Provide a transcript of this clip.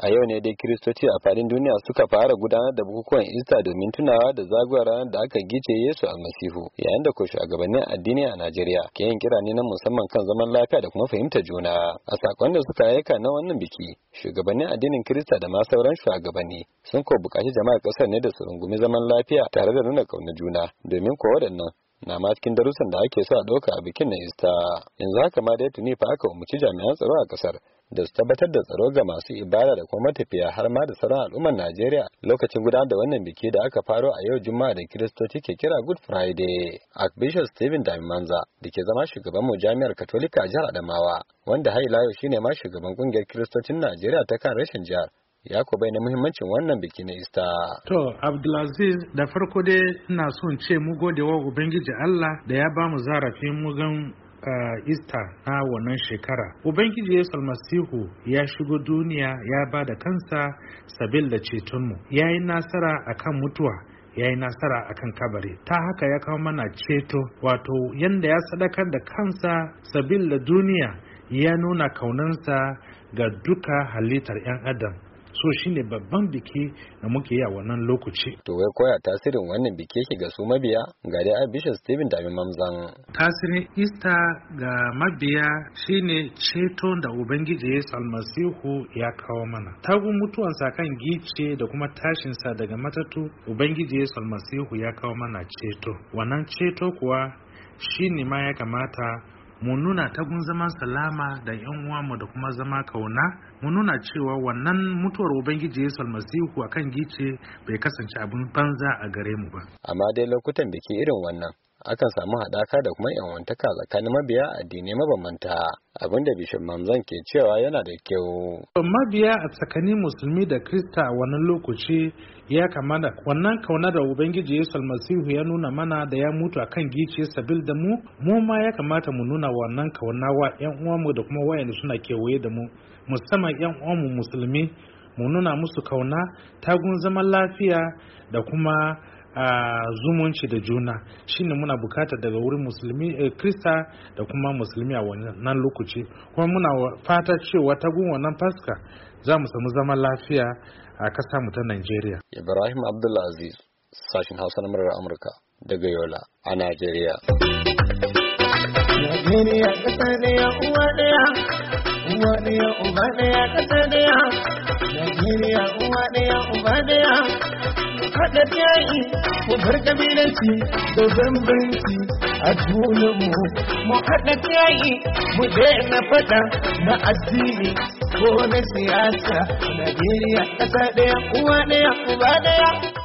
a yau ne dai kiristoci a fadin duniya suka fara gudanar da bukukuwan ista domin tunawa da zagayowar ranar da aka gice yesu a almasihu yayin da ko shugabannin addini a najeriya ke yin kira ne na musamman kan zaman lafiya da kuma fahimta juna a sakon da suka aika na wannan biki shugabannin addinin kirista da ma sauran shugabanni sun ko bukaci jama'ar kasar ne da su rungumi zaman lafiya tare da nuna kauna juna domin ko waɗannan na ma cikin darussan da ake a ɗauka a bikin na ista yanzu haka ma dai tuni fa aka umarci jami'an tsaro a ƙasar da su tabbatar da tsaro ga masu ibada da kuma matafiya har ma da sauran al'ummar Najeriya lokacin gudanar da wannan biki da aka faro a yau Juma'a da Kiristoci ke kira Good Friday. Archbishop Stephen Damimanza da ke zama shugaban mu jami'ar Katolika a jihar Adamawa wanda har ila yau shine ma shugaban kungiyar Kiristocin Najeriya ta kan rashin jihar ya ku bai na muhimmancin wannan biki na ista. To, Abdulaziz da farko dai ina son ce mu gode wa Ubangiji Allah da ya ba mu zarafin mu gan uh, Easter na wannan shekara. Ubangiji Yesu Almasihu ya shigo duniya ya ba da kansa sabil da cetonmu. Ya yi nasara akan mutuwa. ya yi nasara a kan kabari ta haka ya kawo mana ceto wato yanda ya sadakar da kansa sabil da duniya ya nuna kaunansa ga duka halittar 'yan adam so shine babban biki da muke yi a wannan lokaci to wai koya tasirin wannan biki yake ga su mabiya ga dai Bishop Stephen Dami Mamzan tasirin Easter ga mabiya shine ceto da Ubangiji Yesu Almasihu ya kawo mana tagun sa kan gice da kuma tashinsa daga matatu Ubangiji Yesu Almasihu ya kawo mana ceto wannan ceto kuwa shine ma ya kamata mu nuna tagun zaman salama da yan uwanmu da kuma zama kauna mu nuna cewa wannan mutuwar ubangiji yesu almasihu kan gice bai kasance abin banza a gare mu ba amma dai lokutan ke irin wannan akan samu haɗaka da kuma yanwantaka tsakanin mabiya addinai mabambanta abinda bishin mamzan ke cewa yana da kyau. mabiya a tsakanin musulmi da krista a wannan lokaci ya kamata wannan kauna da ubangiji yesu almasihu ya nuna mana da ya mutu akan gice sabil da mu mu ma ya kamata mu nuna wannan kauna wa yan uwanmu da kuma wayanda suna kewaye da mu musamman yan uwanmu musulmi mu nuna musu kauna tagun zaman lafiya da kuma zumunci da juna shine muna bukata daga wurin musulmi eh, krista da kuma musulmi a wannan lokaci kuma muna fata cewa ta gun wannan faska za mu samu zaman lafiya a kasa mu ta Najeriya. Ibrahim Abdulaziz sashin Hausa na murar Amurka daga Yola a Najeriya. Najeriya kasa ɗaya uwa ɗaya, uwa ɗaya uba ɗaya kasa ɗaya. Najeriya uwa ɗaya uba ɗaya. haɗa yayi mu bar kabilanci da bambanci a junanmu mu haɗa yayi mu daina faɗa na addini ko na siyasa Najeriya ƙasa ɗaya uwa ɗaya uba ɗaya